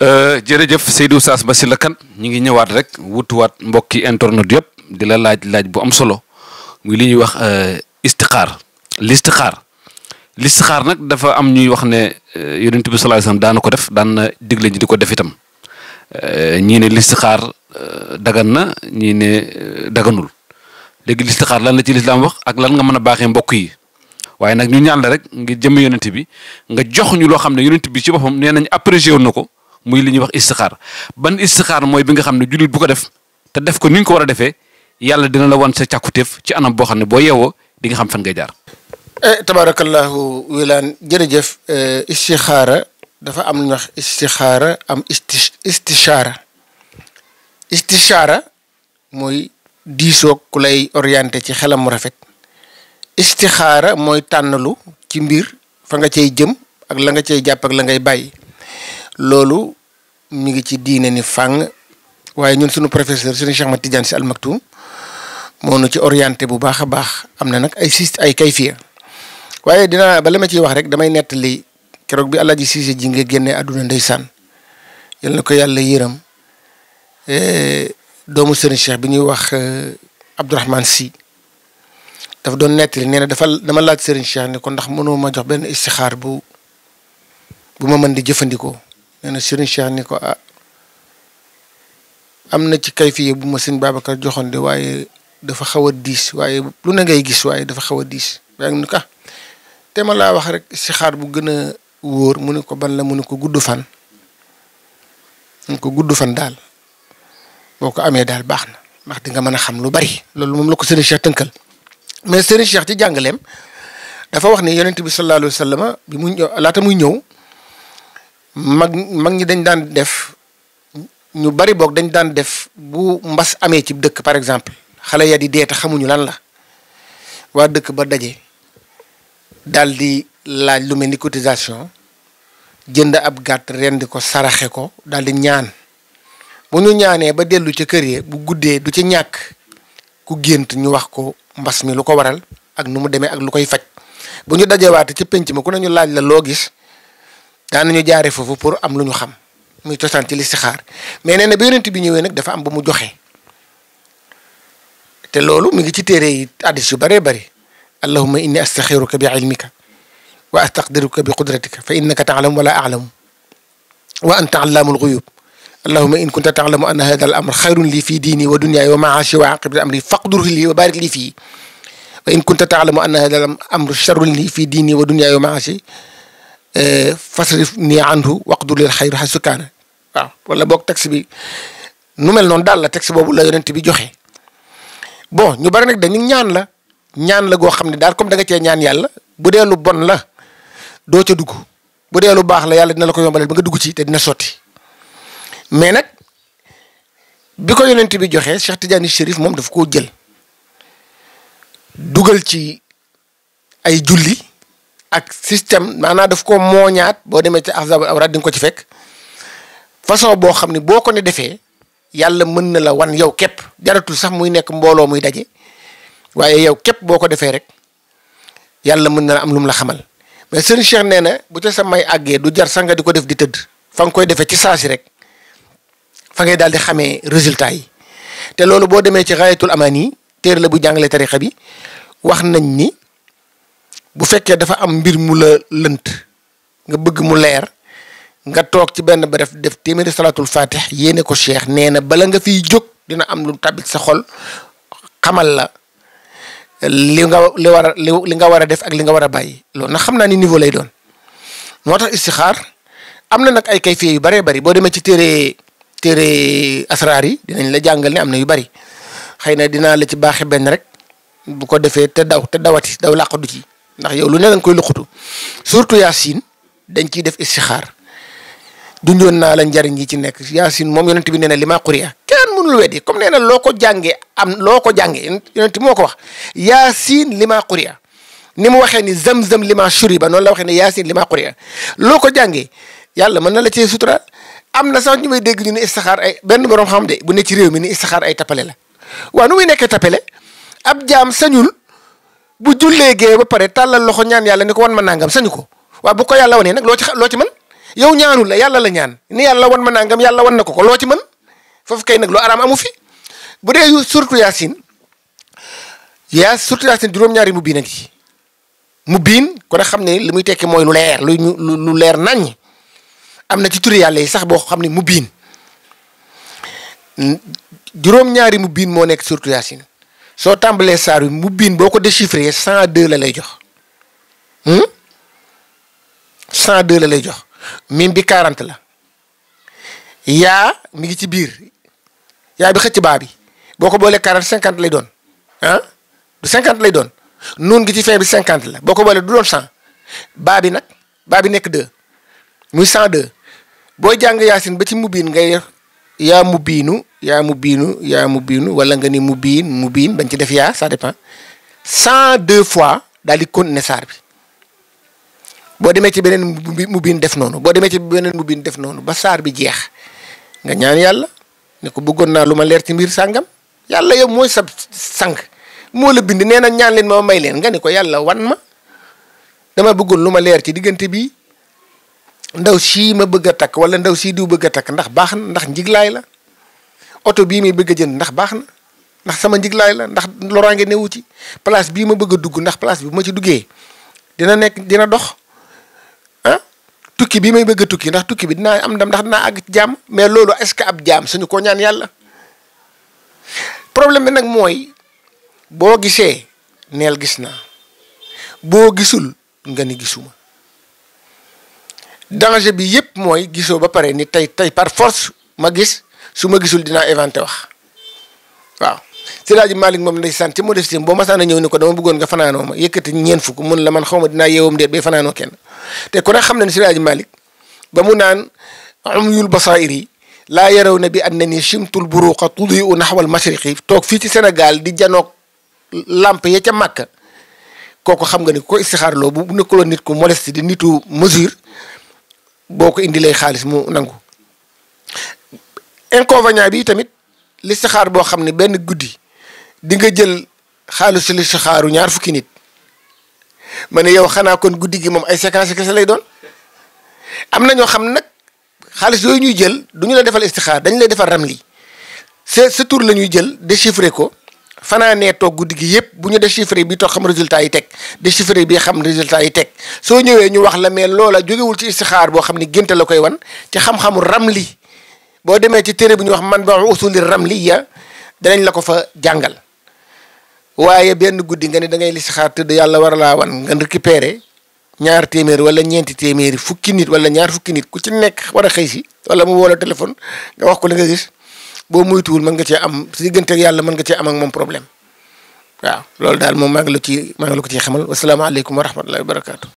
Euh, jërëjëf Seydou Sass Basila Kane ñu ngi ñëwaat rek wutuwaat mbokki internet yëpp di la laaj laaj bu am solo ngi li ñuy wax euh, istixaar listixaar listixaar nag dafa am ñuy wax ne euh, yonent bi sallallahu alayhi wasallam daan ko def daan na digle ñi di ko def itam ñii ne listixaar dagan na ñii ne daganul léegi listixaar lan la ci lislaam wax ak lan nga mën a baaxe mbokk yi waaye nag ñu ñaan la rek ngi jëm yonent bi nga jox ñu loo xam ne yonent bi ci boppam nee nañ apprécié woon na ko. muy li ñuy wax istikhar ban istikhar moy bi nga xamne julit bu ko def te def ko ni ko wara defé yalla cianam dina la won sa ciakutef ci anam bo xamne bo yewoo di nga xam fan ngay jaar. Eh, eh, istikhara dafa am nax istikhara am isti istishara moy mooy diisoog ku lay orienté ci xelam mu rafet istikhara moy tànnalu ci mbir fa nga cey jëm ak la nga cey japp ak la ngay loolu mu ngi ci diine ni fàng waaye ñun sunu professeur suñu Cheikh Ahmad Tidiane Sy Al Maktoum moo nu ci orienté bu baax a baax am na nag ay sist ay kayfiya waaye dinaa ba la ma ciy wax rek damay nettali keroog bi Alaaji Siise ji nga génnee àdduna ndeysaan yal na ko yàlla yërëm eh, doomu sëriñ Cheikh bi ñuy wax eh, Abdourahman si dafa doon nettali nee na dafa dama laaj sëriñ Cheikh ne ko ndax mënoo ma jox benn istixaar bu bu ma mën di jëfandikoo nee na Serigne Cheikh ni ko ah am na ci kayfiye bu ma sëñ Babacar joxoon de waaye dafa xaw a diis waaye lu ne ngay gis waaye dafa xaw a diis waaye ni ko ah te ma laa wax rek si xaar bu gën a wóor mu ne ko ban la mu ne ko gudd fan mu ne ko gudd fan daal boo ko amee daal baax na ndax di nga mën a xam lu bari loolu moom la ko Serigne Cheikh tënkal mais Serigne Cheikh ci jàngaleem dafa wax ne yonent bi sallallahu alayhi wa sallam bi mu ñëw laata muy ñëw mag mag ñi dañ daan def ñu bari boog dañ daan def bu mbas amee ci dëkk par exemple xale ya di dee xamuñu lan la waa dëkk ba daje daal di laaj lu mel ni cotisation jënd ab gàtt rendi ko saraxe ko daal di ñaan bu ñu ñaanee ba dellu ci kër ya bu guddee du ci ñàkk ku gént ñu wax ko mbas mi lu ko waral ak nu mu demee ak lu koy faj bu ñu dajewaate ci pénc ma ku ne laaj la loo gis ñu jaare fofu pour am luñu xam muy cosaan ci listixaar mais néna bi ba yonent bi ñëwé nak dafa am bu mu joxe te lolu mi ngi ci téré yi hadith yu bari bari allahumma inni astakhiruka bi ilmika wa astaqdiruka bi qudratika fa innaka wa la aalamu wa anta 'allamul ghuyub اللهم إن كنت تعلم أن هذا الأمر خير لي في ديني ودنياي ومعاشي dunyaay wa فاقدره لي وبارك لي فيه وإن كنت تعلم أن هذا الأمر شر لي في ديني ودنياي ومعاشي fasrif nii anhu waqdu lil xayru xay sukkaana waaw wala boog texte bi nu mel noon daal la texte boobu la yonent bi joxe bon ñu bari nag dañu ñaan la ñaan la goo xam ne daal comme da nga cee ñaan yàlla bu dee lu bon la doo ca dugg bu dee lu baax la yàlla dina la ko yombalal ba nga dugg ci te dina sotti mais nag bi ko yonent bi joxee Cheikh Tidiane Chérif moom dafa koo jël dugal ci ay julli. ak système maanaam daf ko mooñaat boo demee ci ahzabul awraad di nga ko ci fekk façon boo xam ne boo ko ne defee yàlla mën na la wan yow képp jaratul sax muy nekk mbooloo muy daje waaye yow képp boo ko defee rek yàlla mën na la am lu mu la xamal mais seen cheikh nee na bu ca sa may àggee du jar sax nga di ko def di tëdd fa nga koy defee ci saa si rek fa ngay daal di xamee résultat yi te loolu boo demee ci xayatul amaan yi téere la bu jàngale tarixa bi wax nañ ni bu fekkee dafa am mbir mu la lënt nga bëgg mu leer nga toog ci benn bref def téeméeri salatul fatih yéene ko cheikh nee na bala nga fiy jóg dina am lu tabit sa xol xamal la li nga li war li nga war a def ak li nga war a bàyyi loolu nag xam naa ni niveau lay doon moo tax istixaar am na nag ay kayfiye yu bëree bëri boo demee ci téere téere asraar yi dinañ la jàngal ne am na yu bari xëy na dinaa la ci baaxe benn rek bu ko defee te daw te dawati daw làqadu ci ndax yow lu ne la nga koy luqutu surtout Yaasin dañ ciy def istixaar dundoon naa la njariñ yi ci nekk Yaasin moom yonent bi nee na li maa quriya kenn mënul weddi comme nee na loo ko jàngee am loo ko jàngee yonent moo ko wax Yaasin li maa quriya ni mu waxee ni zam-zam li maa shuriba noonu la waxee ne Yaasin li maa quriya loo ko jàngee yàlla mën na la cee sutura am na sax ñu may dégg ñu ne istixaar ay benn borom xam de bu ne ci réew mi ni istixaar ay tapale la waaw nu muy nekkee tapale ab jaam sañul. bu jullee gee ba pare tàllal loxo ñaan yàlla ni ko wan ma nangam sañu ko waaw bu ko yàlla wanee nag loo ci loo ci mën yow ñaanu la yàlla la ñaan ni yàlla wan ma nangam yàlla wan na ko ko loo ci man foofu kay nag lu araam amu fi bu dee surtout yaasin yaa surtout yaasin juróom-ñaari mu biin mu biin kon xam ne li muy tekki mooy lu leer lu lu leer naññ am na ci turi sax boo xam ne mu biin juróom-ñaari mu biin moo nekk surtout yaasin soo tàmbalee saar wi mu biin boo ko déchiffré cent deux la lay jox hmm? cent deux la lay jox mim bi quarante la yaa mi ngi ci biir yaa bi xëcc baa bi boo ko boolee quarante cinquante lay doon ah du cinquante lay doon noon gi ci fin bi cinquante la boo ko boolee du doon cent baa bi nag baa bi nekk deux muy cent deux booy jàng yaasin ba ci mubiin ngay yaa biinu Ya mubinu, ya mubinu, mu wala nga ni mu mubin mu ci def ya ça dépend 102 fois dal di kon saar bi bo demee ci benen mu def nonu bo demee ci benen mu def nonu ba sar bi jeex nga ñaan yalla ne ko bëggon na luma ma leer ci mbir sangam yalla yow moy sab sang mo la bind neena ñaan leen ma may leen nga ne ko yalla wan ma dama bëggoon luma leer ci digënté bi ndaw si ma bëgg tak wala ndaw si du bëgg tak ndax baax ndax njiglay la auto bi mi bëgg jënd ndax baax na ndax sama lay la ndax loraange newu ci place bi ma bëgg dugg ndax place bi ma ci duggee dina nekk dina dox ah tukki bi may bëgg tukki ndax tukki bi dina am ndam ndax dinaa ag ci jàmm mais loolu est-ce que ab jam suñu ko ñaan yàlla problème bi nag mooy boo gisee neel gis naa boo gisul nga ni gisuma danger bi yépp mooy gisoo ba pare ni tey tey par force ma gis suma gisul dina inventé wax waaw malik si laaji Malick moom ndeysaan ci ma sa na ñëw ni ko dama bëggoon nga fanano ma yëkëti ñeen fuk mu la man xawma dina yewum de be fanano kenn te ku na xam na ne si laaji ba mu naan umyul basairi basaayir yi laa yaraw na bi annani chimtul buruqa tudiu naxwal mashriqi toog fii ci Sénégal di janoog lamp ya ca Màkka kooku xam nga ni ko istixaarloo bu nekkuloon nit ku modeste di nitu mesure boo indi lay xaalis mu nangu inconvénient bi tamit listixaar boo xam ne benn guddi di nga jël xaalisu listixaaru ñaar fukki nit ma ne yow xanaa kon guddi gi moom ay séquences kese lay doon am na ñoo xam nag xaalis yooyu ñuy jël du ñu la defal istixaar dañu lay defal ramli sa sa tur la ñuy jël déchiffré ko fanaanee toog guddi gi yëpp bu ñu déchiffré bi toog xam résultat yi teg déchiffré bi xam résultat yi teg soo ñëwee ñu wax la mais loola jógewul ci istixaar boo xam ne génte la koy wan ci xam-xamu ramli boo demee ci téere bu ñuy wax man ba lii ramliya danañ la ko fa jàngal waaye benn guddi nga ne da ngay listixaar tëdd yàlla war laa wan nga récupéré ñaar téeméeri wala ñeenti téeméeri fukki nit wala ñaar fukki nit ku ci nekk war a xëy si wala mu woola téléphone nga wax ko li nga gis boo moytuwul mën nga cee am si digganteeg yàlla mën nga cee am ak moom problème waaw loolu daal moom maa ngi la ci maa ngi la ko ciy xamal wasalaamaaleykum wa rahmatullahi wa barakaatu.